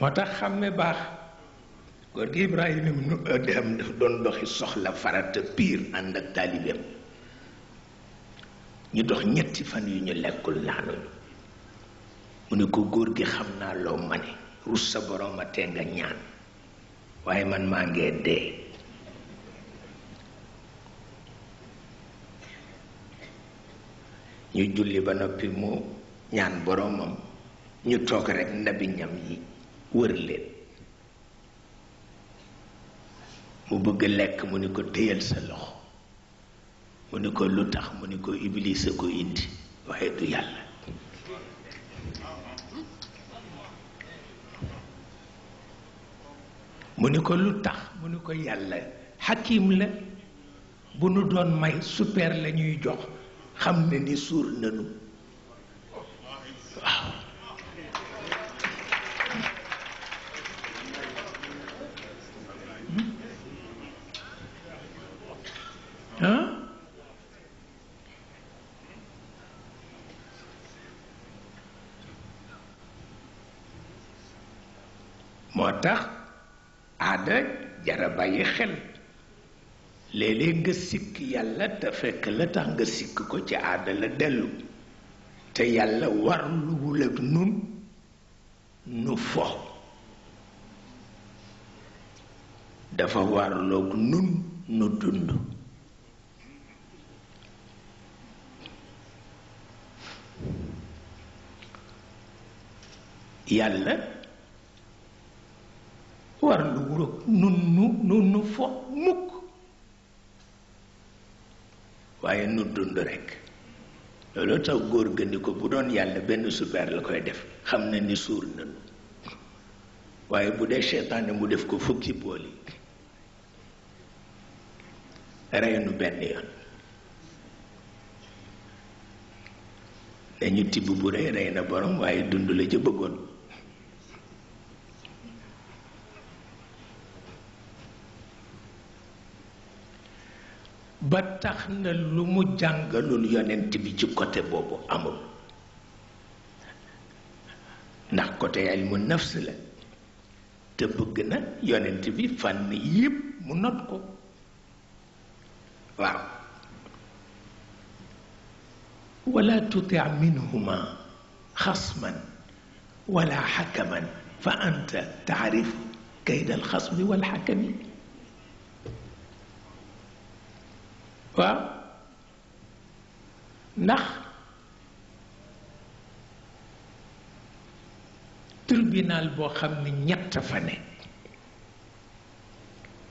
moo tax xàmme baax góor gi Ibrahima nu dem daf doon doxi soxla farata piir ànd ak taalibeem ñu dox ñetti fan yu ñu lekkul laanuñu mu ne ko góor gi xam naa loo ma ne rus sa borom a nga ñaan waaye man maa ngee dee ñu julli ba noppi mu ñaan boromam ñu toog rekk nabi ñam yi wër leen mu bëgg lekk mu ni ko téyal sa loxo mu ni ko lu tax mu ni ko iblis a ko indi waaye du yàlla mu ni ko lu tax mu ni ko yàlla xakim la bu nu doon may super la jox xam ne ni suur nanu waaw moo tax aada jara bàyyi xel léeg-léeg nga sikk yàlla te fekk la tax nga sikk ko ci aada la dellu te yàlla war luwul ak nun nu fo dafa warloog nun nu dund yàlla war lu wuroog waaye nu dund rekk looloo tax góor gën ni ko bu doon yàlla benn supeer la koy def xam na ni suur nanu waaye bu dee seytaane mu def ko fukki bool yi reynu benn yoon dañu tibb bu rey rey na borom waaye dund la ca bëggoon ba tax na lu mu jàngalul yonent bi ci côté boobu amul ndax côté ilmu nafs la te bëgg na yonent bi fànn yépp mu not ko waaw wala tuti minhuma xasman wala xakaman fa anta taarif kayda alxasmi walxakami waaw ndax tribunal boo xam ne ñett fa ne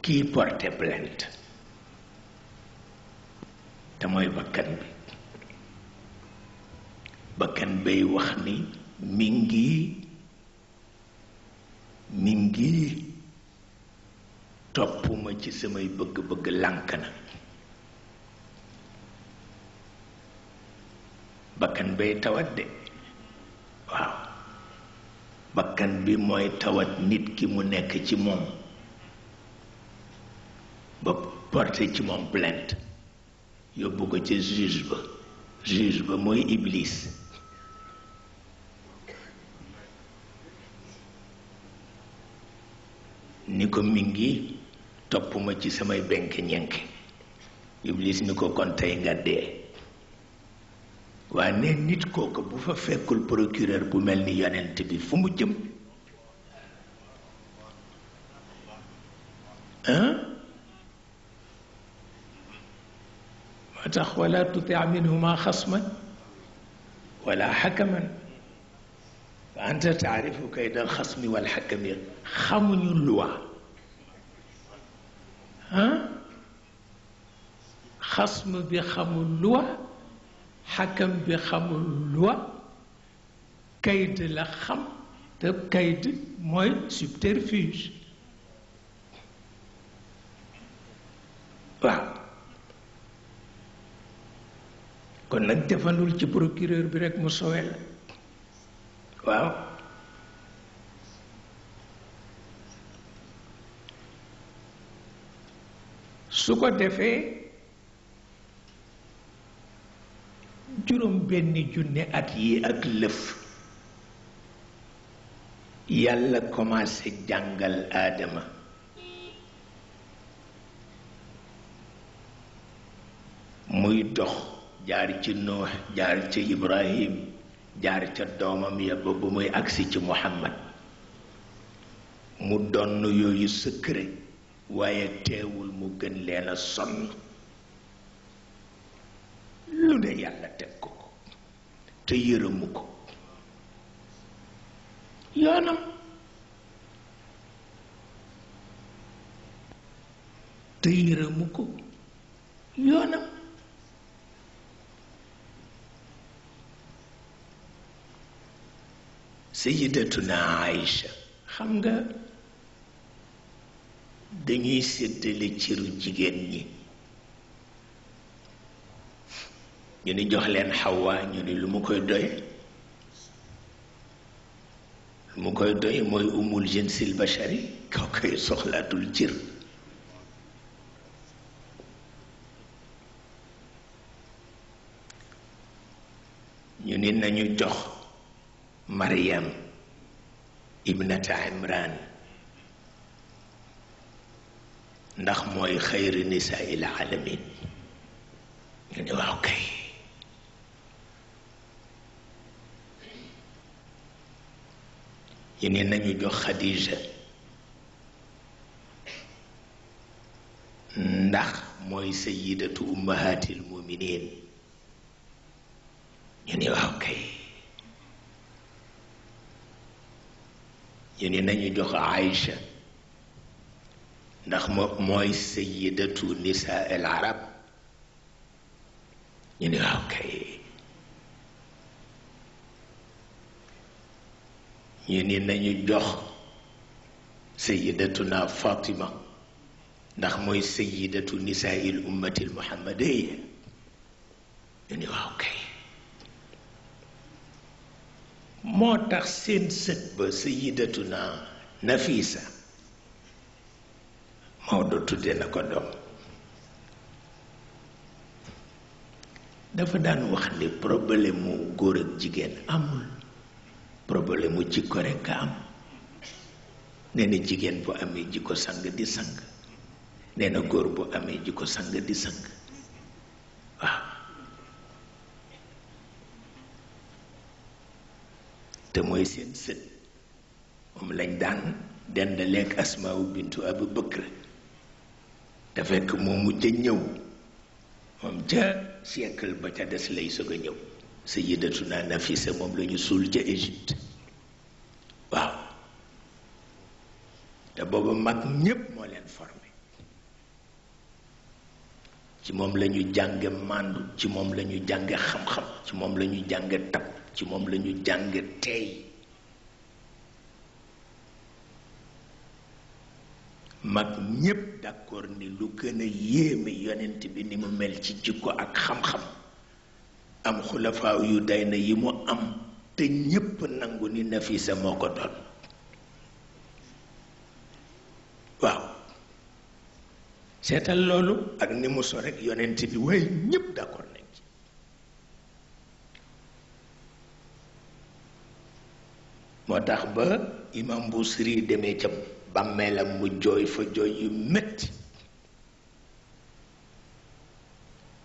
kii porté plainte te mooy bakkan bi bakkan bay wax ni mi ngi mi ngi topp ci samay bëgg-bëgg lànk na bakkan bay tawat de waaw bakkan bi mooy tawat nit ki mu nekk ci moom ba porté ci moom plainte yóbbu ko ca juge ba juge ba mooy ibliis ni ko mi ngi topp ma ci samay benk ñenk iblis ni ko kon tey waaye ne nit kooku bu fa fekkul procureur bu mel ni yonent bi fu mu jëm moo tax wala tuti minhuma xasman wala xakaman fa anta taarifu kayda alxasmi walxakami xamuñu luwa xasm bi xamul luwa حكم بخم اللوا كيد لخم تب كيد موي سبترفيج واه كون نك ديفانول سي بروكيرور بي ريك مو سويل واه سوكو ديفي juróom benn junne at yi ak lëf yàlla commencé jàngal aadama muy dox jaar ci nuux jaar ci ibrahim jaar ca doomam ya ba muy agsi ci muhammad mu donn yooyu secret waaye teewul mu gën leena a sonn te yërëmu ko yoonam te yërëmu ko yoonam sayyidatuna Aïcha xam nga dañuy séddale cëru jigéen ñi ñu ni jox leen xawaa ñu ni lu mu koy doy lu mu koy doy mooy umul jinsil bashari kaw koy soxlaatul cir ñu ni nañu jox mariam ibnata imran ndax mooy xayri nisa il alamin ñu ni waaw kay okay. ci ni nañu jox xadija ndax mooy sayidatu ummahatil muminin ñu ni waaw kay ñu ni nañu jox aïcha ndax mooy sayidatu nisaa al arab ñu ni waaw kay yéene nañu jox sayidatuna fatima ndax mooy sayidatu nisail ummatil muhammadiya ñu ni waaw kay moo tax seen sët ba sayidatuna nafisa Maodo tudde na ko doom dafa daan wax ni problème mu góor ak jigéen amul problème mu jikko rekk a am nee na jigéen bu amee jikko sang di sang nee na góor bu amee jikko sang di sang waaw te mooy seen sët moom lañ daan dendaleek asmaawu bintu abu bëkr te fekk moo mujj ñëw moom ca siècle ba ca des lay soog a ñëw sayyidatuna Nafisa moom lañu suul ca Égypte waaw te booba mag ñépp moo leen formé ci moom lañu jànge màndu ci moom lañu jànge xam-xam ci moom lañu jànge tab ci moom lañu jànge teey mag ñépp d'accord ni lu gën a yéeme yonent bi ni mu mel ci jikko ak xam-xam am xulafaa yu day yi mu am te ñépp nangu ni Nafisa moo seetal loolu ak ni mu so rek yonent moo tax ba imam Busiri demee ca bàmmeelam mu jooy fa jooy yu metti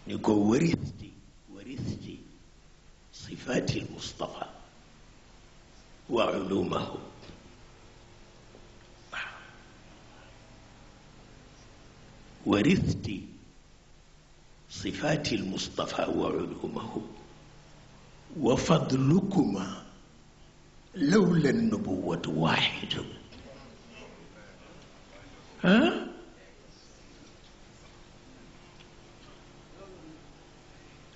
ñu ko wëri صفات المصطفى وعلومه ورثت صفات المصطفى وعلومه وفضلكما لولا النبوة واحد ها؟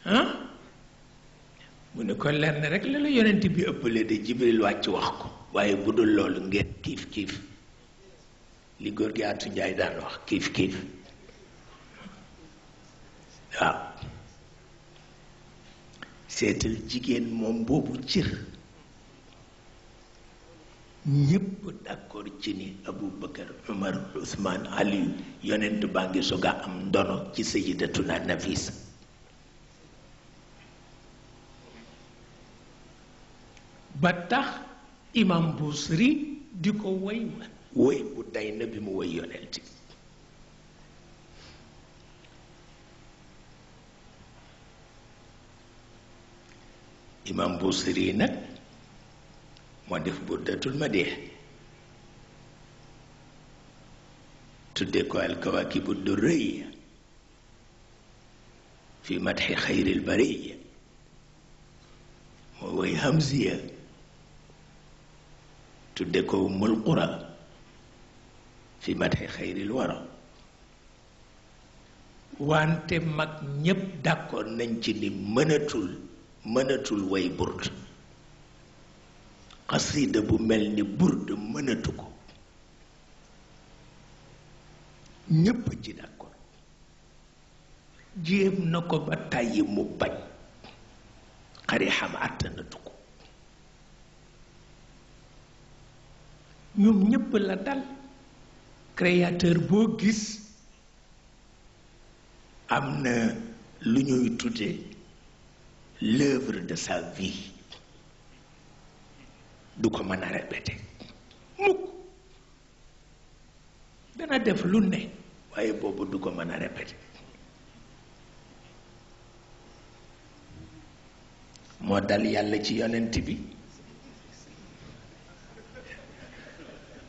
ها؟ mu ne ko lenn rek la la yonent bi ëppale de jibril wàcc wax ko waaye bu dul loolu ngeen kiif kiif li góor gi Atou Ndiaye daan wax kiif kiif waaw seetal jigéen moom boobu cër ñépp d'accord ci ni Abu Bakar Umar Usmaan Aliyu yonent baa ngi soog am ndono ci Sayyidatuna Nafisa بطخ إمام بوسري ديكو ويما ويمو داي نبي مو ويونالتي إمام بوسري نك مدف بردت المديح تدكو الكواكب الدرية في مدح خير البرية ويهمزيه tudde ko ummul qura fi madhi xayril wara wante mag ñépp d'accord nañ ci ni mënatul mënatul way burd xasida bu mel ni burd mënatu ko ñépp ci d'accord jéem na ko ba tàyyi mu bañ xari xam àttanatu ko ñoom ñépp la dal créateur boo gis am na lu ñuy tuddee l'œuvre de sa vie du ko mën a répéter mukk dana def lu ne waaye boobu du ko mën a répéter moo dal yàlla ci yonent bi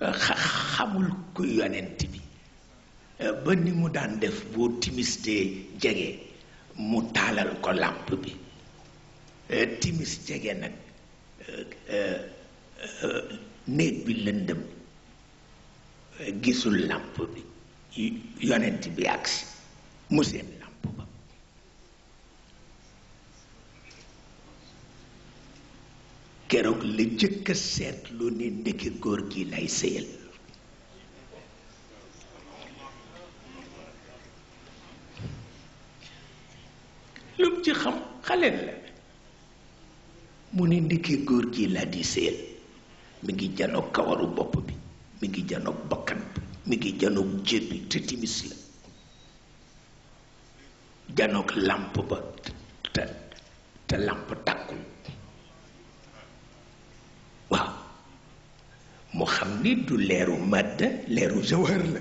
xamul ku yonent bi eh, ba ni mu daan def boo timistee jege mu taalal ko làmp bi eh, timis jege nag eh, néeg bi lëndëm gisul làmp bi yonent bi agsi mu seen keroog la jëkk lo lu ni ndeki góor gi lay sëyal lum ci xam xaleen la mu ni ndeki gi la di sel mi ngi janoog kawaru bop bi mi ngi janoog bakkan bi mi ngi Janok jër bi timis la ba ta moo xam ni du leeru madda leeru zawhar la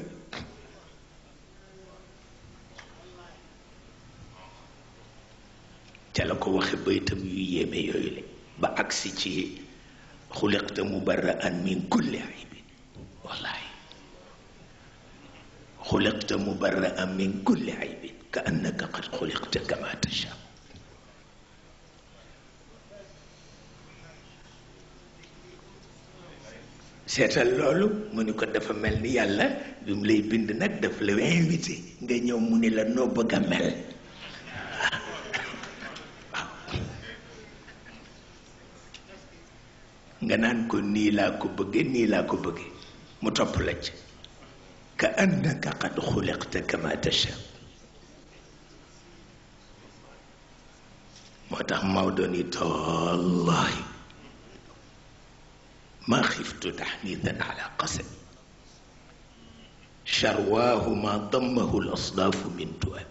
ca la ko waxe baytam yu yéeme yooyu la ba agsi ci xuliqta mubarra'an min kulli aybin wallahi xuliqta mubarra'an min kulli aybin ka annaka qad xuliqta kama tashaa seetal loolu mu ni ko dafa mel ni yàlla bi mu lay bind nag daf la invité nga ñëw mu ni la noo bëgg a mel nga naan ko nii laa ko bëgge nii laa ko bëgge mu topp la ci ka annaka qad xuliqta kama tasha moo tax Maodo ni tollahi ما خفت تحديثا على قسم شرواه ما ضمه الأصداف من تؤب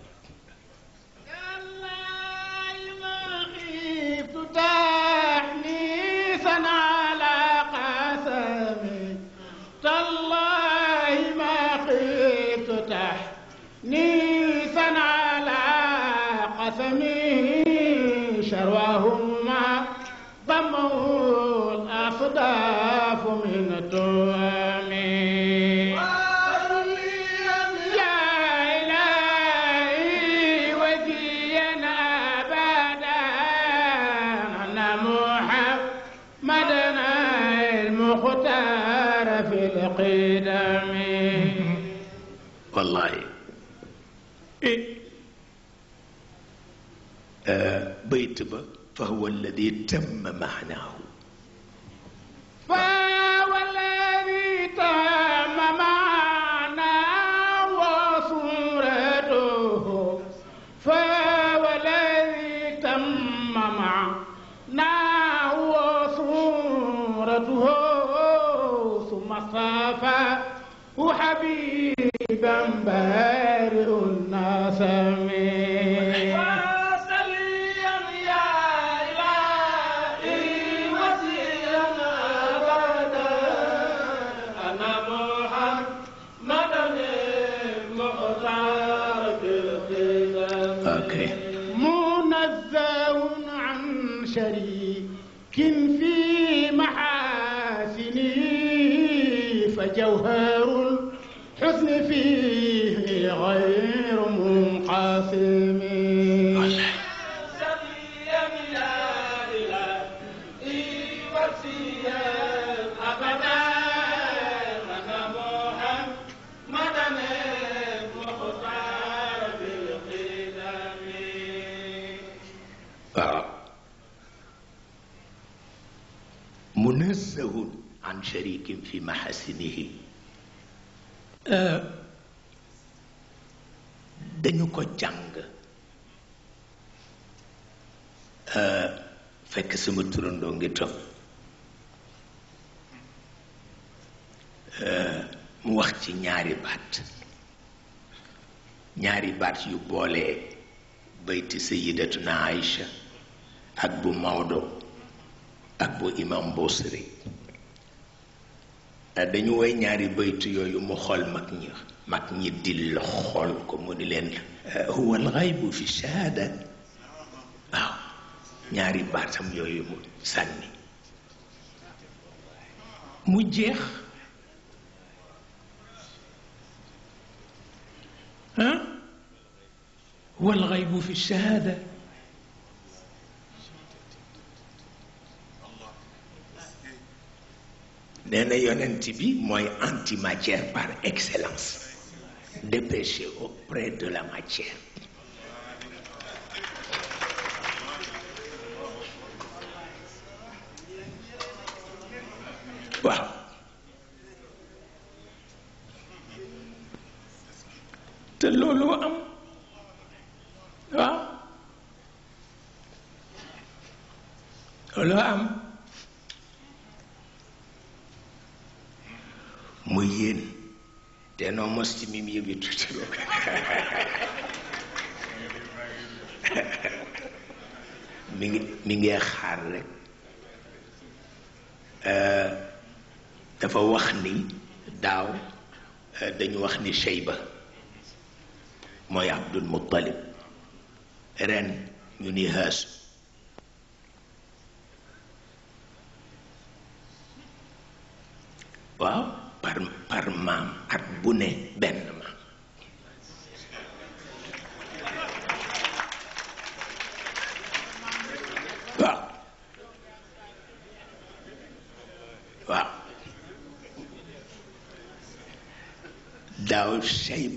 بيت با فهو الذي تم معناه فهو الذي تم معناه وصورته فهو الذي تم معناه وصورته ثم صافى حبيبا بها فجوهر الحزن فيه غير منقسم an sharikin fi mahasinihi dañu ko jàng fekk sama turandoo ngi mu wax ci ñaari baat ñaari baat yu boolee bayti sayidatuna Aïcha ak bu Maodo ak bu imam Bosri dañu way ñaari baytu yooyu mu xol mag ñi mag ñi dill xol ko mu ni leen huwa alxaybu fi shahada waaw ñaari baatam yooyu mu sànni mu jeex ah huwa alxaybu fi shahaada nee na yonent bi mooy antimatière par excellence dépêché auprès de la matière waaw te loolu am waaw loolu am mos ci xaar rek euh, dafa wax ni daaw euh, dañu wax ni Shayba mooy Abdul Muttalib ren ñu ni Haashim waaw par maam at bu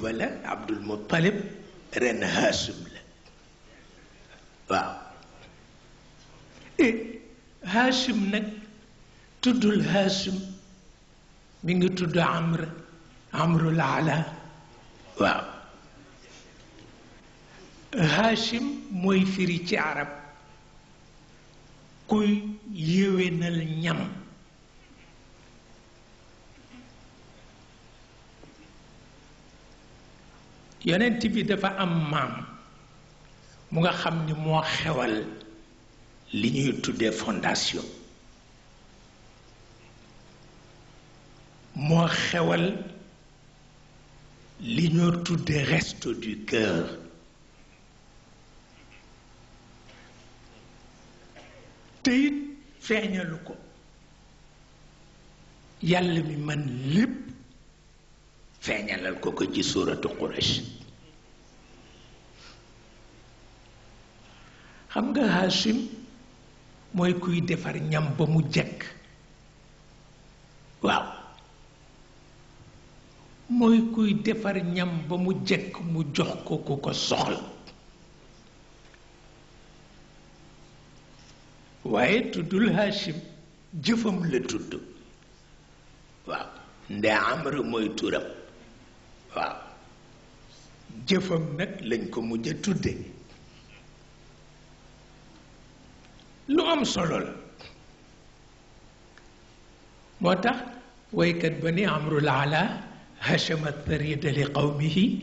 wala abdul muttalib ren haasum la waaw haasum nag tuddul haasum mi ngi tudd amr amrul ala waaw haashim mooy firi ci arab kuy yéwénal ñam yonent bi dafa am maam mu nga xam ni moo xewal li ñuy tuddee fondation moo xewal li ñoo tuddee resto du cœur te it feeñalu ko yàlla mi man lépp feeñalal ko ko ci suuratu Quraysh xam nga Hashim mooy kuy defar ñam ba mu jekk waaw mooy kuy defar ñam ba mu jëkk mu jox ko ku ko soxal waaye tuddul Hashim jëfam la tudd waaw nde Amr mooy turam جفم نك لنكم مجتودة لو صلول موتا ويكد بني عمرو العلا هشم الثريد لقومه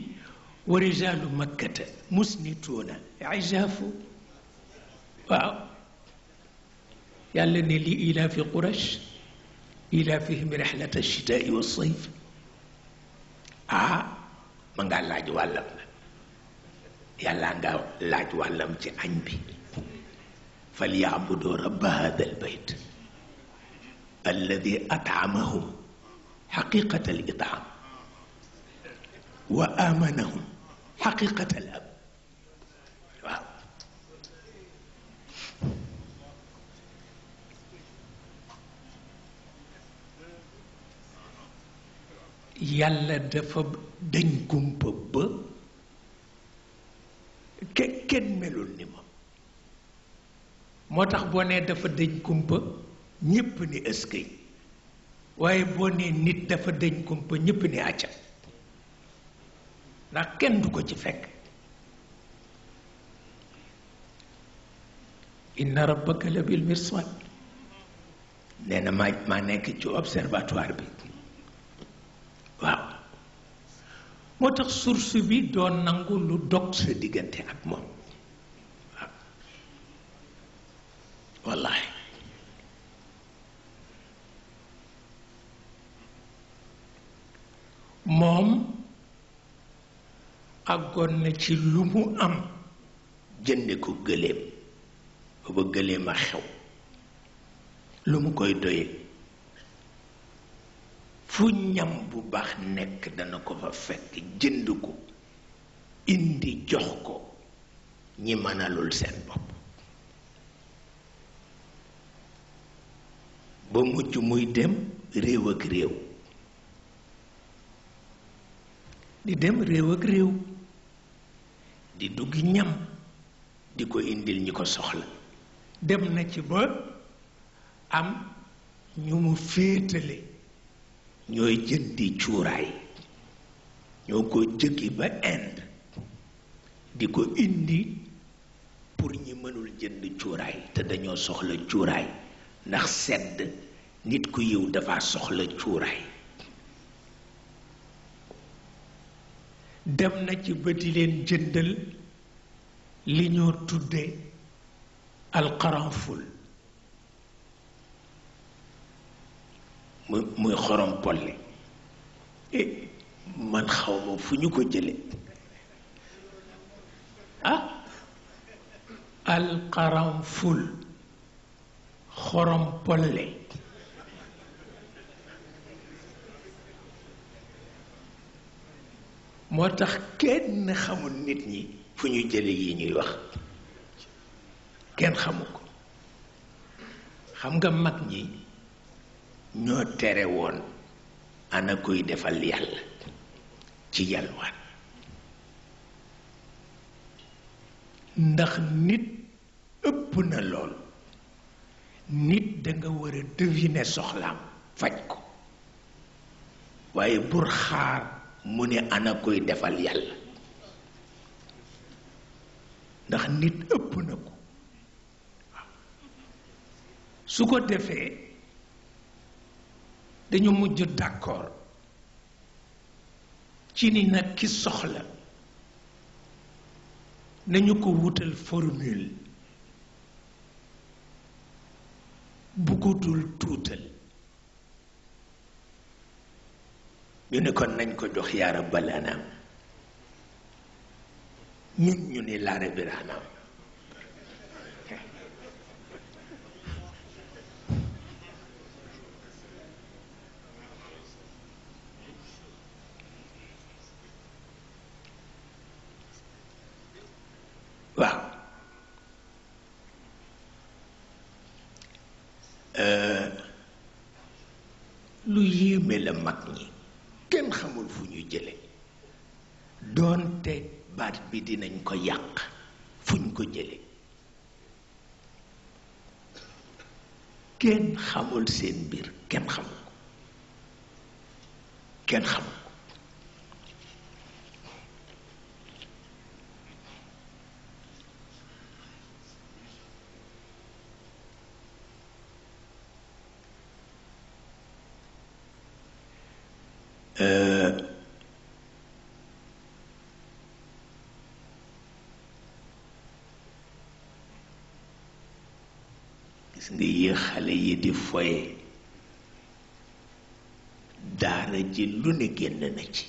ورجال مكة مسنتون عجاف واو يالني لي إلى في قرش إلى فيهم رحلة الشتاء والصيف ah ma ngaa laaj wàllam la yàlla nga laaj wàllam ci añ bi falyaabudu rabba hada albayt alladi ataamahum xaqiqata al itaam wa amanahum xaqiqata al am yàlla dafa dañ kumpa ba ke kenn melul ni moom moo tax boo nee dafa dëñ kumpa ñépp ni ëskay waaye boo nee nit dafa dëñ kumpa ñépp ni acca ndax kenn du ko ci fekk inna rabbaka la bil mirsad nee na maa maa nekk ci observatoire bi moo tax source bi doon nangu lu dog sa diggante ak moom waaw wallaahi moom àggoon na ci lu mu am jënde ko gëléem booba gëléem a xew lu mu koy doyee fu ñam bu baax nekk dana ko fa fekk jënd ko indi jox ko ñi mënalul seen bopp ba mucc muy dem réew réew di dem réew réew di dugg ñam di ko indil ñi ko soxla dem na ci ba am ñu mu féetale ñooy jëndi cuuraay ñoo ko jëggi ba Inde di ko indi pour ñi mënul jënd cuuraay te dañoo soxla cuuraay ndax sedd nit ku yiw dafa soxla cuuraay dem na ci ba di leen jëndal li ñoo tudde alqaranful muy muy xorom eh, man xaw ma fu ñu ko jële ah alqaramful xorom polle moo tax kenn xamul nit ñi fu ñu jële yi ñuy wax kenn xamu ko xam nga mag ñi ñoo tere woon ana koy defal yàlla ci yalwaan ndax nit ëpp na lool nit danga war a deviner soxlaam faj ko waaye bur xaar mu ne ana koy defal yàlla ndax nit ëpp na ko su ko defee dañu mujj d'accord ci ni nag ki soxla nañu ko wutal formule bu ko tuutal ñu ne kon nañ ko jox yaara balaanaam ñun ñu ni laara biraanaam yéeme la mag ñi kenn xamul fu ñu jële doonte baat bi dinañ ko yàq fuñ ko jële kenn xamul seen mbir kenn xamul ko kenn xamul nga yi xale yi di foye daara ji lu ne génn na ci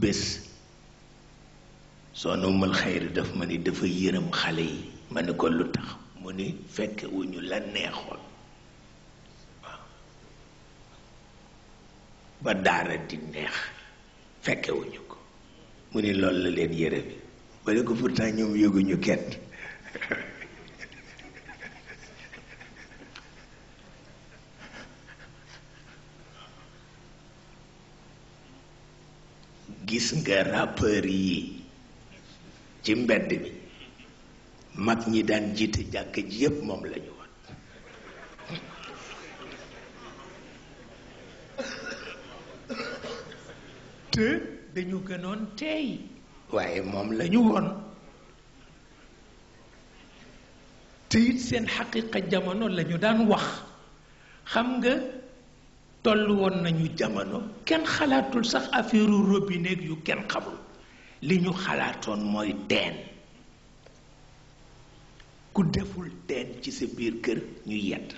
bés soo nomal xayri daf ma ni dafa yërëm xale yi ma ni ko lu tax mu ni fekke wu ñu la neexoon waaw ba daara di neex fekke wu ñu ko mu ni loolu la leen yërëmi ma ko pourtant ñoom yëguñu kenn gis nga rappeur yi ci mbedd mi mag ñi daan jiite jàkk ji yépp moom lañu woon te dañu gënoon teey waaye moom la ñu woon te it seen xaqiqa jamono la ñu daan wax xam nga toll woon nañu jamono kenn xalaatul sax affaire robinet yu kenn xamul li ñu xalaatoon mooy teen ku deful teen ci sa biir kër ñu yedd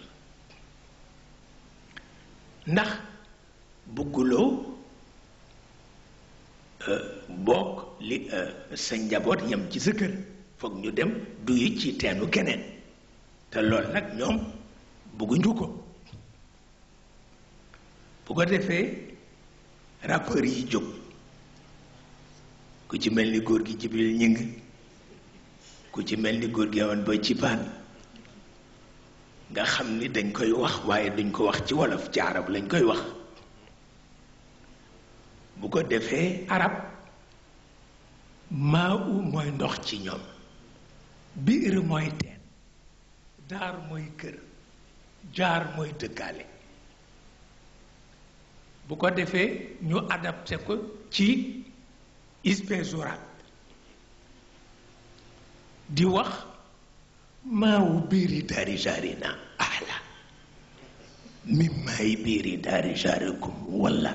ndax bëgguloo bokk li sa njaboot yem ci sa kër foog ñu dem duyu ci teenu keneen te loolu nag ñoom bëgguñu ko bu ko defee rappeurs yi jóg ku ci mel ni góor gi Jibril ñing ku ci mel ni góor gi awoon ba ci paan nga xam ni dañ koy wax waaye duñ ko wax ci wolof ci arab lañ koy wax bu ko defee arab maa mooy ndox ci ñoom biir mooy teen daar mooy kër jaar mooy dëkkaale bu ko defee ñu adapté ko ci espèce di wax maa biir biiri daari jaarina ahla min maay biiri daari jaarikum walla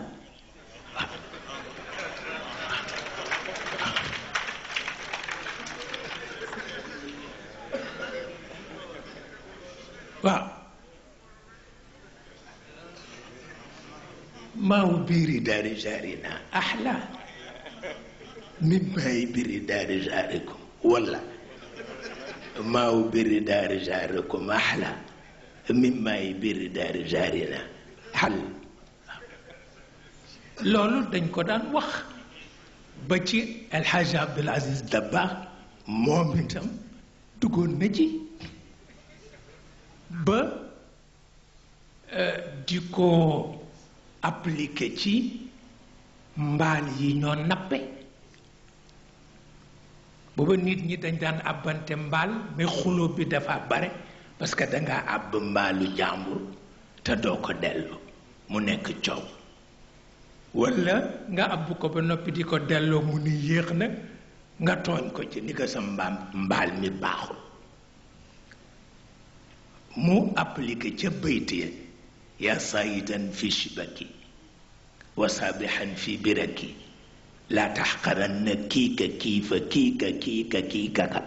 ما هو بيري دار جارنا أحلى مما يبيري دار جاركم والله ما هو بيري دار جاركم أحلى مما يبيري دار جارنا حل لولو دنجكو دان وخ بچي الحاج عبد العزيز دباغ مومنتم دقون نجي ba eh, di ko appliqué ci mbaal yi ñoo nappe booba nit ñi dañ daan àbbante mbaal mais xuloo bi dafa bare parce que danga àbb mbaalu jàmbur te doo ko dellu mu nekk coow walla nga àbb ko ba noppi di ko delloo mu ni yéex na nga tooñ ko ci ni ko sa mbaam mbaal mi baaxul mu appliqué ci bayt ya yaa fi shibaki wa sabihan fi biraki laa taxqaranna kiika kiifa kiika kiika kiikaka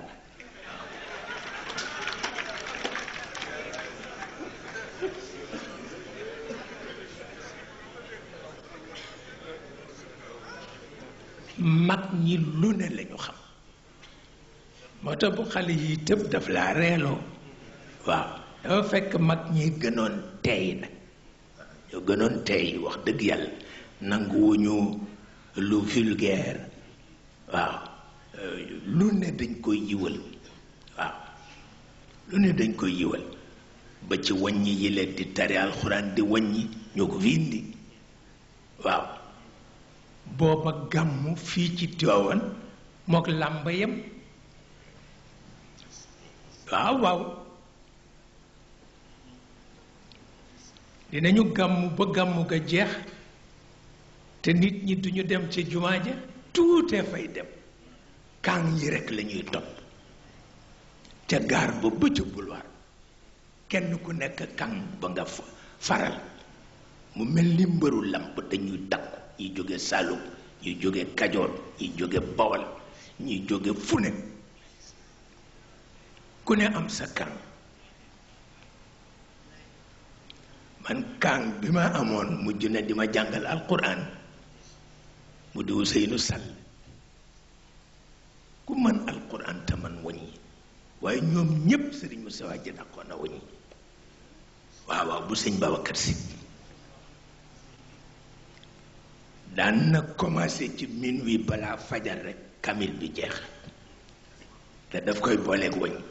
mat ñi lu ne lañu xam moo tax bu xali yi tepp daf la reelo waaw dafa fekk mag ñi gënoon tey nag ñoo gënoon tey wax dëgg yàlla nanguwuñu lu vulgaire lu ne dañ koy yiwal waaw lu ne dañ koy yiwal ba ci wàññi yi leen di tari alxuraan di wàññi ñoo ko fi indi waaw booba gàmmu fii ci Tiwaawan mook làmba yam waaw waaw dinañu gàmmu ba gàmmu ga jeex te nit ñi duñu dem ci jumaa ja tuutee fay dem kàng yi rekk lañuy topp ca gaar ba bëcc boulevard kenn ku nekk kan ba nga faral mu mel ni mbëru làmp dañuy takku yi jóge Saalum yi jóge Kajoor yi jóge Bawol ñuy jóge fu ku ne am sa kàng man kàng bi ma amoon mujj na di ma jàngal alquran mu di Ousseynou Sall ku mën alquran te man waññi waaye ñoom ñépp sëriñ Moussa Wade dàqoon na waññi waaw waaw bu sëñ Babacar Si daan nag commencé ci min wi balaa fajar rek kamil bi jeex te daf koy booleeg waññi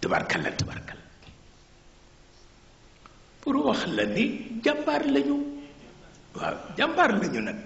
tubarkal la tubarkal pour wax la ni jàmbaar ñu waaw jàmbaar ñu nag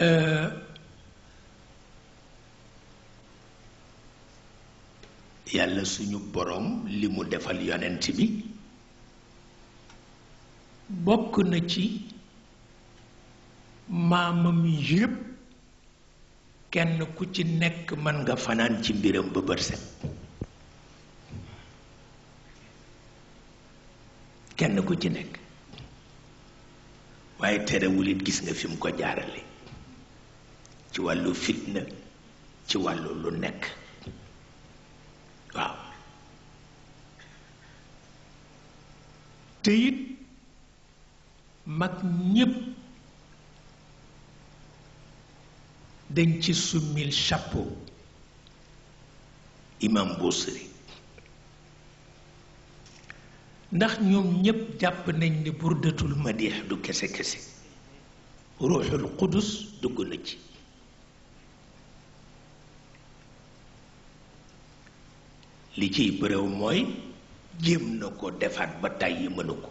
Euh, yàlla suñu boroom li mu defal yonent bi bokk na ci maamam yépp kenn ku ci nekk mën nga fanaan ci mbiram ba set kenn ku ci nekk waaye terewul it gis nga fi ko jaarale ci wàllu fitna ci wàllu lu nekk waaw te it mag ñépp dañ ci summil chapeau imam Busiri ndax ñoom ñépp jàpp nañ ni burdatul madix du kese kese ruuxul qudus dugg na ci li ciy bëréw mooy jéem na ko defaat ba tàyyi mënu ko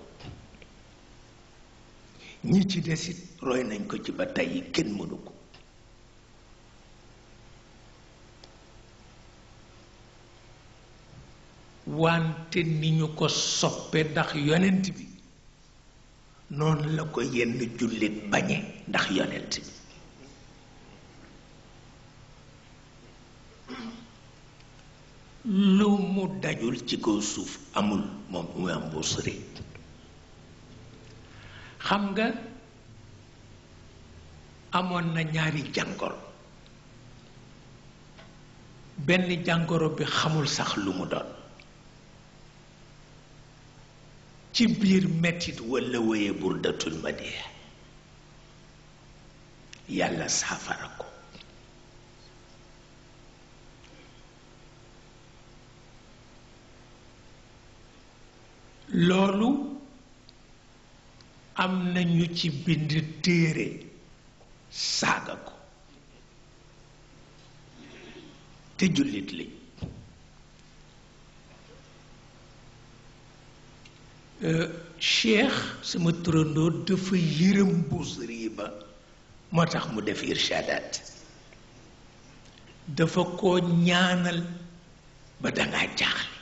ñi ci desit roy nañ ko ci ba tàyyi kenn mënu ko wante ni ñu ko soppe ndax yonent bi noonu la ko yenn jullit bañe ndax yonent bi mu dajul ci kaw suuf amul moom imaam Busiri xam nga amoon na ñaari jàngoro benn jàngoro bi xamul sax lu mu doon ci biir mettit walla wéye burdatul ma dee yàlla saafara ko loolu am na ñu ci bind téere saaga ko te jullit li euh, cheikh sama turandoo dafa yërëm Busiri ba moo tax mu def irshadaat dafa ko ñaanal ba dangaa jaaxle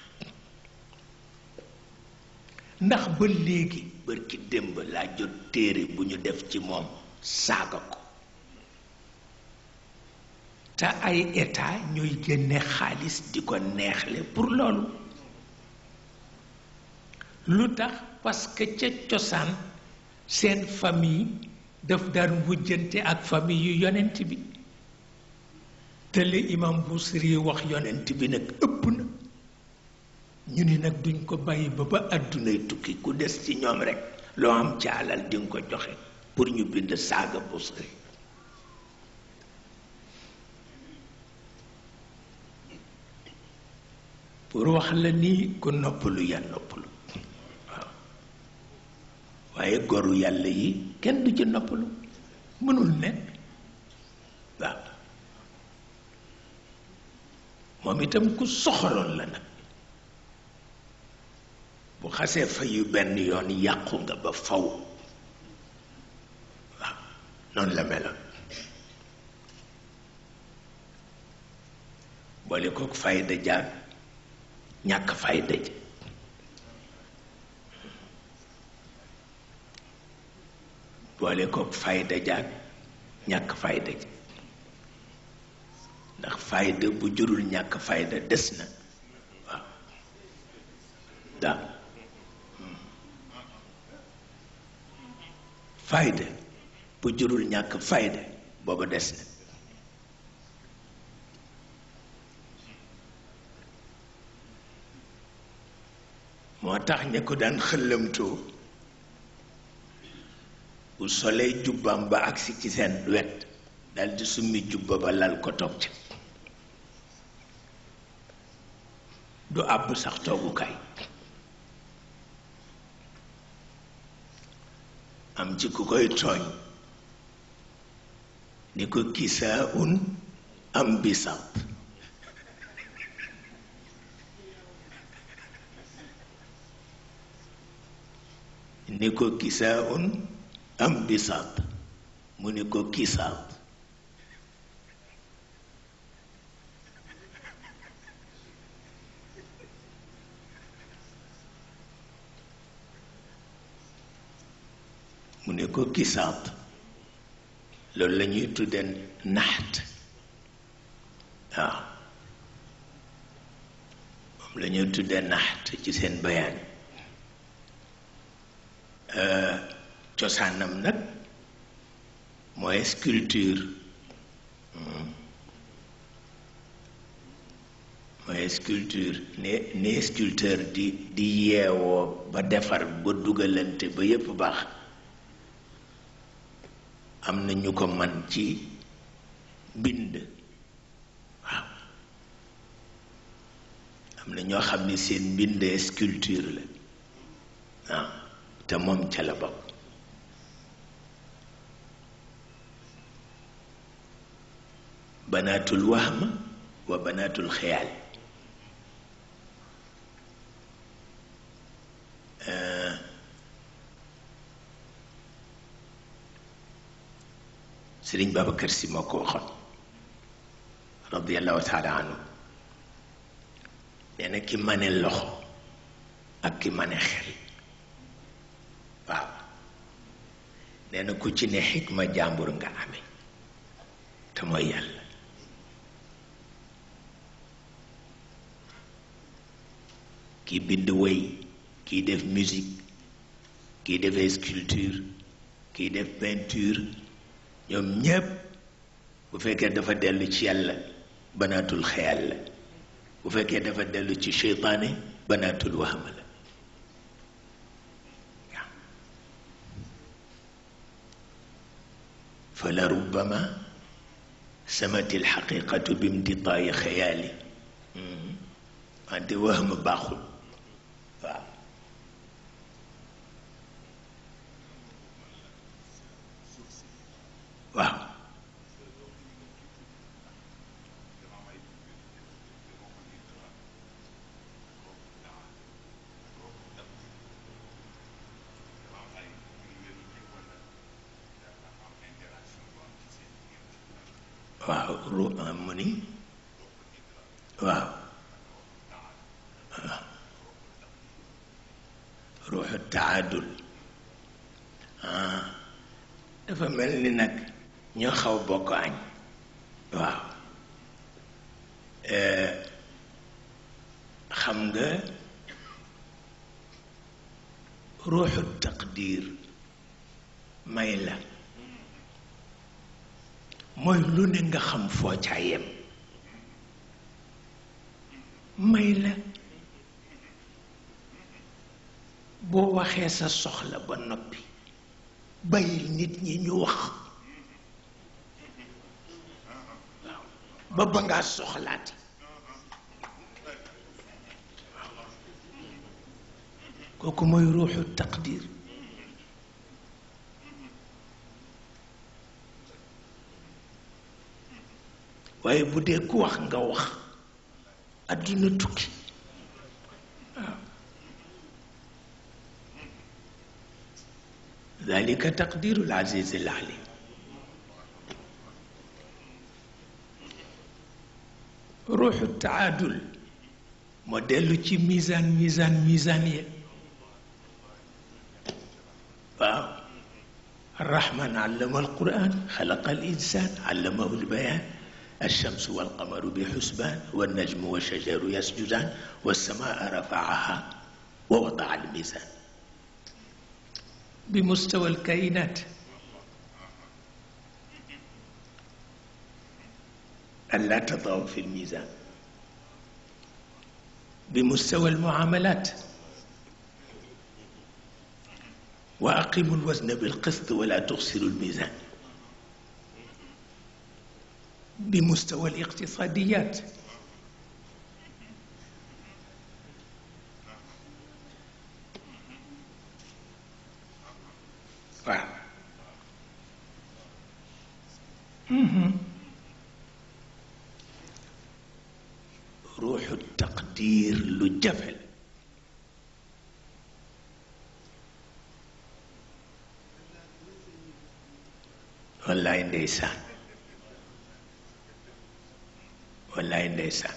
ndax ba léegi bërki démb laa jot téere bu ñu def ci moom saaga ko te ay état ñooy génne xaalis di ko neexle pour loolu lu tax parce ca cosaan seen famille daf daan wujjante ak famille yu yonent bi te li imam Busiri wax yonent bi nag ëpp na ñu ni nag duñ ko bàyyi ba ba àddunay tukki ku des ci ñoom rekk loo am ci alal di ko joxe pour ñu bind saaga Busiri pour wax la nii ku noppalu ya noppalu waaw waaye goru yàlla yi kenn du ci noppalu mënul nekk waaw moom itam ku soxoroon la nag xasee fayu benn yoon yàqu nga ba faw waaw noonu la meloon boole kook fayda jaag ñàkk fayda ji boole kook fayda jaag ñàkk fayda ji ndax fayda bu jurul ñàkk fayda des na waaw daa fayde bu jurul ñàkk fayde booba des na moo tax ña ko daan xëllamtoo bu solee jubbaam ba agsi ci seen wet daldi summi jubba ba lal ko toog ci du àbb sax toogukaay am ci ku koy tooñ ni ko kisaa am bisab ni ko kisaa am bisab mu ni ko kisaab mu ne ko kisaab loolu la ñuy naxt waaw moom la ñuy naxt ci seen bayaan euh, cosaanam nag mooy sculpture hmm. mooy sculpture ne ne sculpteur di di yeewoo ba defar ba dugalante ba yépp baax am na ñu ko man ci bind waaw am na ñoo xam ni seen mbind sculpture la waaw te moom ca la bokk banaatul wahma wa banaatul xeyaal سرين باب كرسي موكو خن رضي الله تعالى عنه لأن يعني كي من اللخ أكي من خل باب لأن يعني كوشي نحك ما جامبر نغا عمي تميال كي بندوي كي ديف ميزيك كي ديف سكولتور كي ديف بنتور كي ديف بنتور ñoom ñépp bu fekkee dafa dellu ci yàlla banaatul xeyal la bu fekkee dafa dellu ci seytaane banaatul wahma la فلربما سمت الحقيقة بامتطاء خيالي أنت وهم باخل waaw waaw ru am mu ni waaw ruuxu taadul dafa mel ni nag ñoo xaw bokk añ waaw xam nga ruuxu taqdir may la mooy lu ne nga xam foo caa yem may la boo waxee sa soxla ba noppi bàyyil nit ñi ñu wax ba ba ngaa soxlaati kooku mooy ruuxu taqdir waaye bu dee ku wax nga wax adduna tukki waaw dalika taqdirul aziz al alim روح التعادل موديل تي ميزان ميزان ميزان يا الرحمن علم القرآن خلق الإنسان علمه البيان الشمس والقمر بحسبان والنجم والشجر يسجدان والسماء رفعها ووضع الميزان بمستوى الكائنات ألا تطغوا في الميزان بمستوى المعاملات وأقيموا الوزن بالقسط ولا تخسروا الميزان بمستوى الاقتصاديات Mm-hmm. روح التقدير للجفل والله ندسان والله ندسان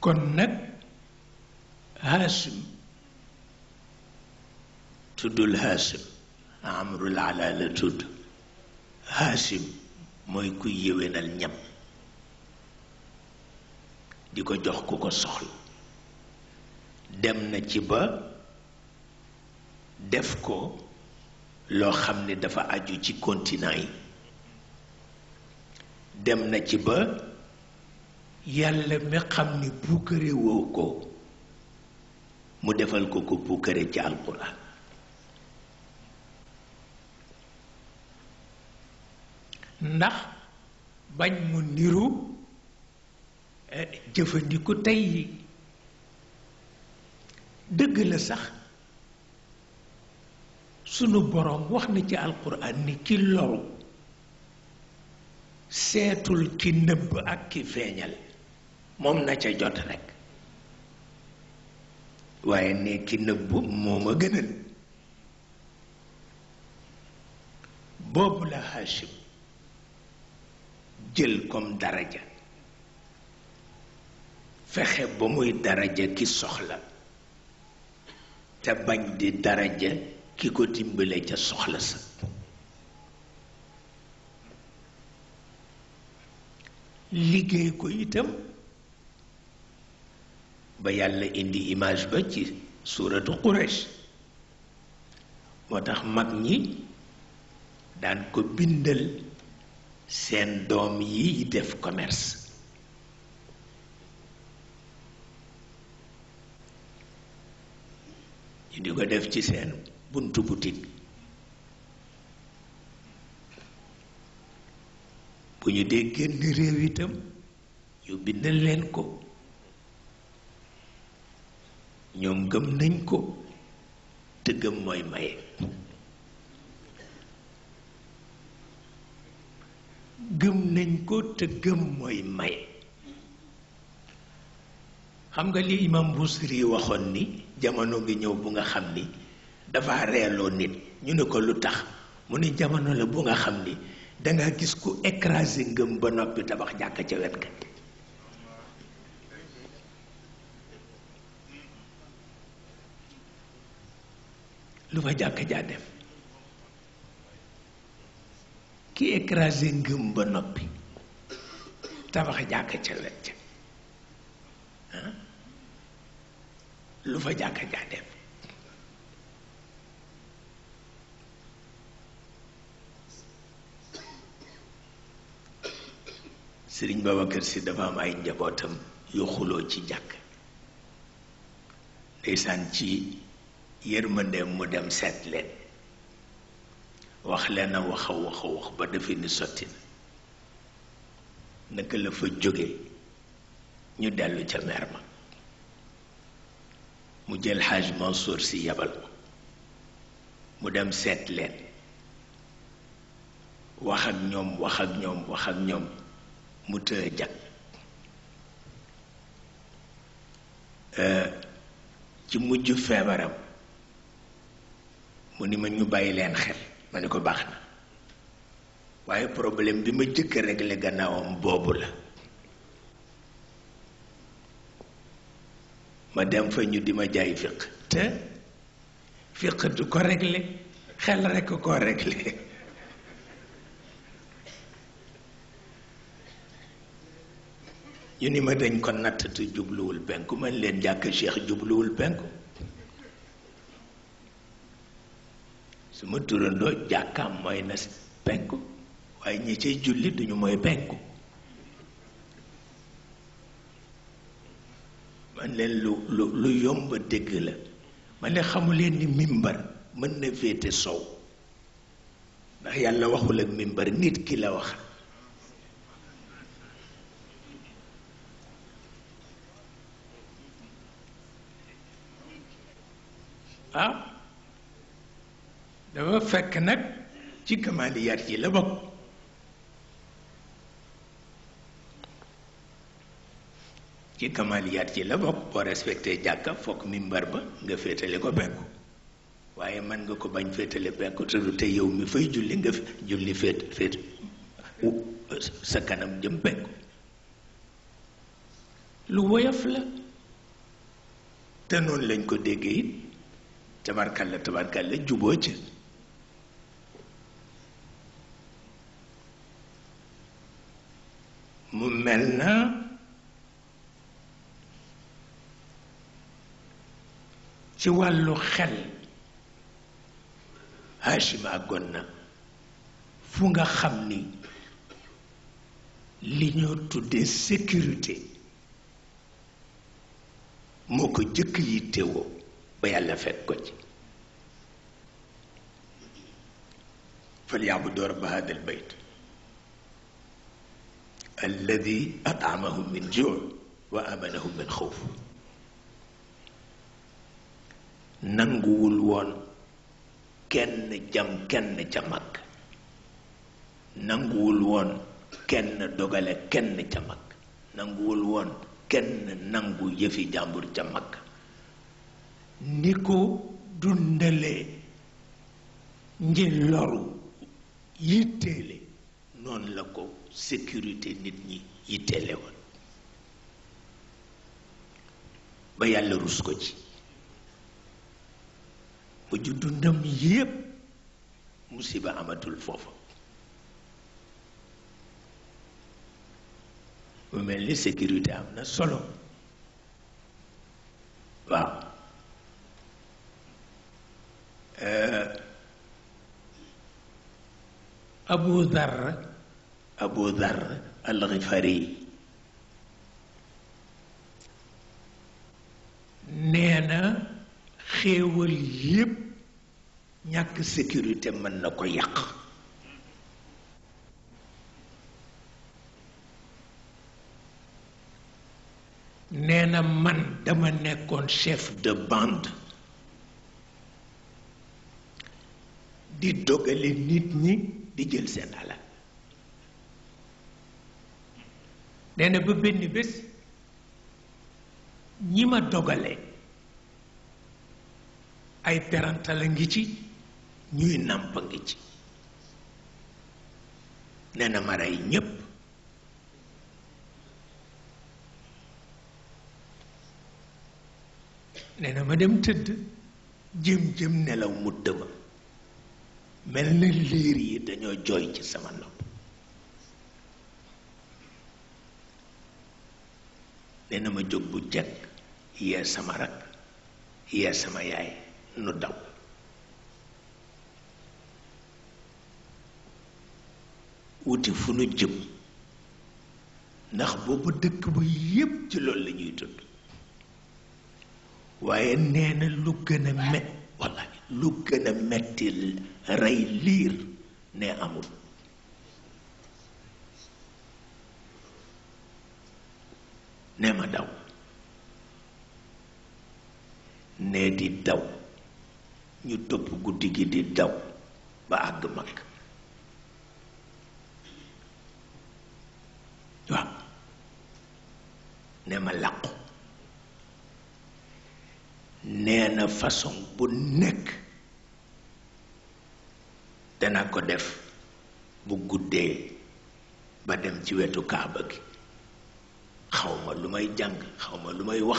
كنك هاشم تدل هاشم amrul ala la tudd haasim mooy kuy yéwénal ñam di ko jox ku ko soxla dem na ci ba def ko loo xam ne dafa aju ci continent yi dem na ci ba yàlla mi xam ni puukare woo ko mu defal ko ko puukare ci alquran ndax bañ mu niru eh, jëfandiku tey yi dëgg la sax sunu borom wax na ci alquran ni ci loru seetul ki nëbb ak ki feeñal moom na ca jot rekk waaye ne ki nëbb moo a gënal boobu la Haashim jël comme daraja fexe ba muy daraja ki soxla te bañ di daraja ki ko dimbale ca soxla sa liggéey ko itam ba yàlla indi image ba ci suuratu Quraysh moo tax mag ñi daan ko bindal seen doom yi def commerce ñu di ko def ci seen buntu butit bu ñu dee génn réew itam ñu bindal leen ko ñoom gëm nañ ko te gëm mooy maye gëm nañ ko te gëm mooy maye xam nga li imam Busiri waxoon ni jamono ngi ñëw bu nga xam ni dafa reeloo nit ñu ne ko lu tax mu ne jamono la bu nga xam ni danga gis ku écrasé ngëm ba noppi tabax jàkk ca wet ga lu fa jàkk jaa ki écrasé ngëm ba noppi tabax jàkka ca wet ca lu fa jàkka ja def sëriñ Babacar si dafa am ay njabootam yu xuloo ci jàkk ndeysaan ci yërmandeem mu dem seet وخلنا وخو وخو وخ بدفي نسوتين نقل فجوغي ندالو جميرما مجل حاج منصور سيابل مدام سات لين وخد نيوم وخد نيوم وخد نيوم متاجا أه جمجو فابرم مني من يبايلين خير ma ne ko baax na waaye problème bi ma jëkk réglé gannaawam boobu la ma dem fa ñu di ma jaay fiq te fiq du ko réglé xel rekk ko réglé ñu ni ma dañ ko natt jubluwul penku man leen jàkk cheikh jubluwul penku su ma turandoo jàkkaam mooy na penku waaye ñi cay julli duñu mooy penku man leen lu lu lu yomb dégg la man leen xamuleen ni mimbar mën na féete sow ndax yàlla waxul ak mimbar nit ki la wax ah? dafa fekk nag ci kamaaliyaat yi la bokk la bokk boo respecté jàkka fokk mimbar ba nga féetale ko bekku waaye mën nga ko bañ féetale bekku te du te yow mi fay julli nga julli féet féet sa kanam jëm bekku lu woyof la te noonu lañ ko déggee it tabarkalla tabarkalla juboo ca مملنا ci wàllu xel Hachima àggoon na fu nga xam ni li ñoo tuddee sécurité moo ko jëkk yi teewoo ba yàlla fekk ko ci falyabudu rabba hada al bayt الذي أطعمهم من جوع وأمنهم من خوف نانغولون كن جام كن جامك نانغولون كن دوغال كن جامك نانغولون كن نانغو يفي جامبر جمك نيكو دوندالي نجي لورو يتيلي نون لاكو sécurité nit ñi yitteele woon ba yàlla rus ko ci mujj dundam yépp musiba amatul foofa mu mel ni sécurité am na solo waaw euh, Abu Dharr أبو ذر الغفاري nee na xéewal yépp ñàkk sécurité mën na ko yàq nee na man dama nekkoon chef de bande di dogale nit ñi di jël seen alal nee na ba benn bés ñi ma dogale ay perantala ngi ci ñuy nàmpa ngi ci nee na ma rey ñépp nee na ma dem tëdd jëm-jëm nelaw mu dëma mel na liir yi dañoo joy ci sama nopp dana ma jóg bu jekk yee sama rak yee sama yaay nu daw wuti fu nu jëm ndax boobu dëkk bi yépp ci loolu la ñuy waaye nee na lu gën a met walla lu gën a metti rey liir ne amul nee ma daw nee di daw ñu topp guddi gi di daw ba àgg mag waaw nee ma làqu nee na façon bu nekk dana ko def bu guddee ba dem ci wetu kaaba gi xawma ma lu may jàng xaw ma lu may wax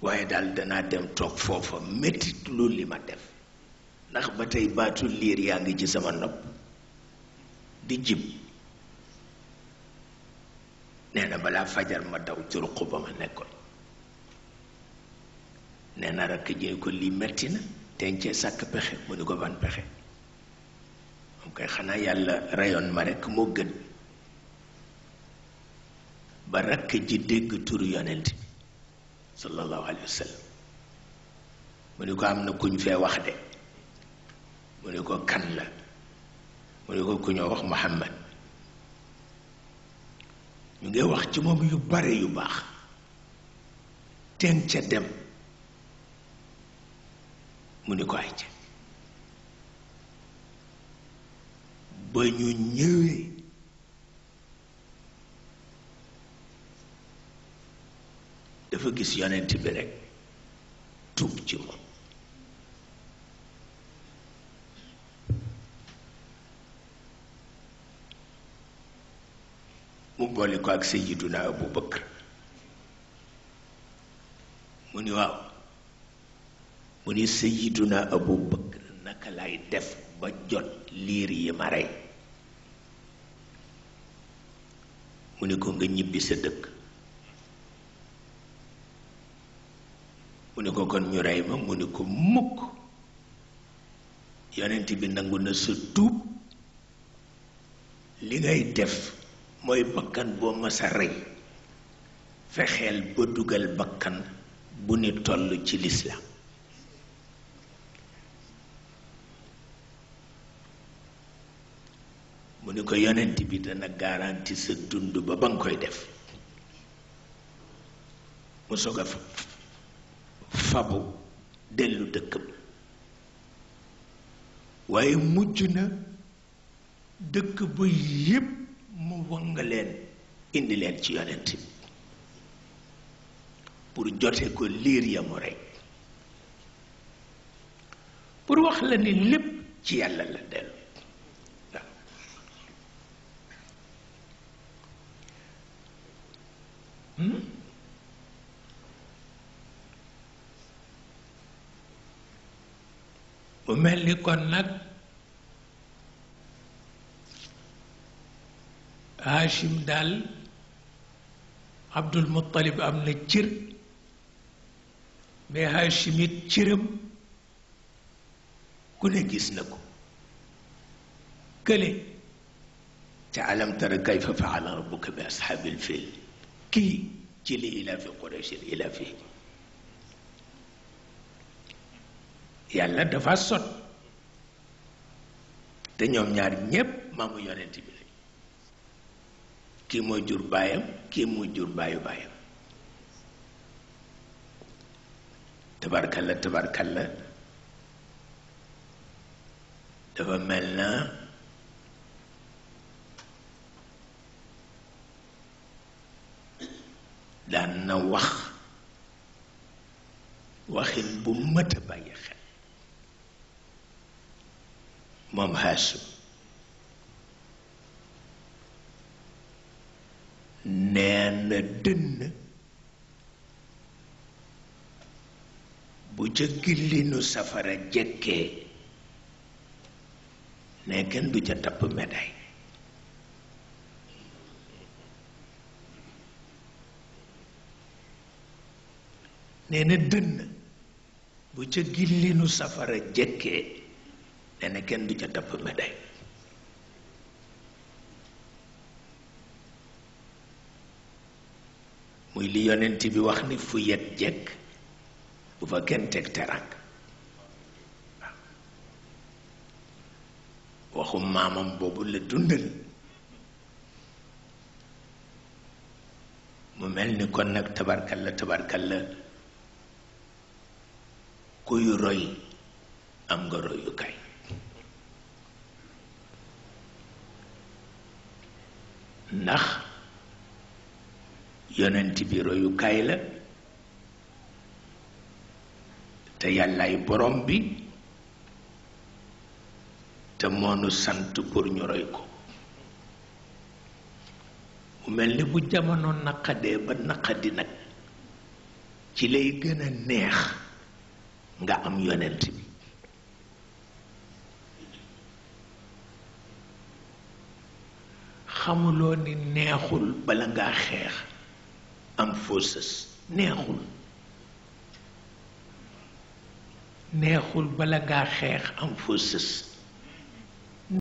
waaye daal danaa dem toog foofa mettit lu li ma def ndax ba tey baatu liir yaa ngi ci sama nopp di jib nee na balaa fajar ma daw ci ruq ba ma nekkoon nee na rakk jëy ko lii metti na tencee sàkk pexe mu ni ko ban pexe moom koy xanaa yàlla rayoon ma rekk moo gën ba rakk ji dégg turu yonent sallallahu alaihi wasallam muniko amna kuñ fe wax de muniko kan la muniko kuñu wax Muhammad ñu ngi wax ci mom yu bare yu bax teen ca dem muniko ay ci ba ñu ñëwé dafa gis yonent bi rekk tuub ci moom mu boole ko ak Sayyiduna Abu Bakar mu ni waaw mu ni Sayyiduna Abu Bakar naka lay def ba jot liir yi ma rey mu ni ko nga ñibbi sa dëkk mu ko kon ñu rey ma mu ko mukk yonent bi li ngay def moy bakkan ma sa rey fexel bo dugal bakkan bu ni toll ci l'islam mu ni ko yonent bi dana garantie sa dundu ba bang koy def mu fabu dellu dëkkam waaye mujj na dëkk ba yépp mu wanga leen indi leen ci yonent bi pour jote ko liir ya mu rey pour wax la ni lépp ci yàlla la dellu hmm? ومالي كون هاشم دال عبد المطلب ام نتشر مي هاشم يتشرم كل جيس نكو كلي تعلم ترى كيف فعل ربك باصحاب الفيل كي جلي الى في قريش الى فيه yàlla dafa sot te ñoom ñaar ñépp maamu yonent bi lañ kii mooy jur baayam kii mooy jur baayu baayam tabarkalla tabarkalla dafa mel na daan na wax waxin bu mët bàyyi xel moom Haashim nee dënn bu ca gillinu safara jekkee ne kenn du ca tapp médaille nee dënn bu ca gillinu safara jekkee nee na kenn du ca tapp médaille muy li yonent bi wax ni fu yet jekk bu fa kenn teg terang waxu maamam boobu la dundal mu mel ni kon nag tabarkal tabarkalla kuy roy am nga royukaay ndax yonent bi royukaay la te yàllaay borom bi te moonu sant pour ñu roy ko mu mel ni bu jamono naqadee ba naqadi nag ci lay gëna neex nga am yonent bi xamuloo ni neexul bala ngaa xeex am foo sës neexul neexul bala ngaa xeex am foo sës